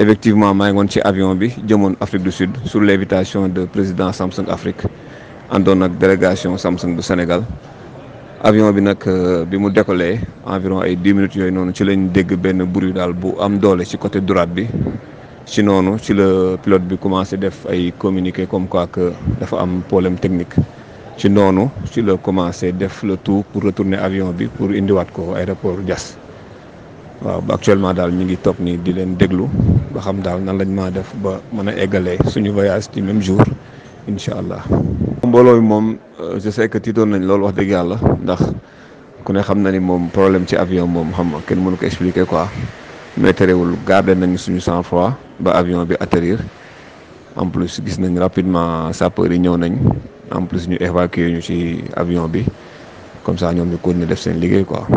effectivement maa ngi woon ci avion bi jëmoon Afrique du Sud sur l' invitation de président Samsung Afrique àndoon ak délégation Samsung bu Sénégal avion bi nag euh, bi mu décollé environ ay dix minutes yooyu noonu ci lañ dégg benn bruit daal bu am doole ci côté droite bi ci noonu ci la pilote bi commencé def ay communiqué comme ak dafa am problème technique ci noonu ci la commencé def le tout pour retourner avion bi pour indiwaat ko aéroport Diass waaw actuellement daal ñu ngi toog nii di leen déglu ba xam daal nan lañ maa def ba mën a eggalee suñu voyage ci même jour incha allah. mbooloo mi moom euh, je sais que tiitoon nañ loolu wax dëgg yàlla ndax ku ne xam na ni moom problème ci avion moom xam nga kenn mënu ko expliquer quoi mais terewul garder nañu suñu cent fois ba avion bi atterrir en plus gis nañ rapidement sapeurs yi ñëw nañ en plus ñu évacuer ñu ci avion bi comme ça ñoom ñu continuer def seen liggéey quoi.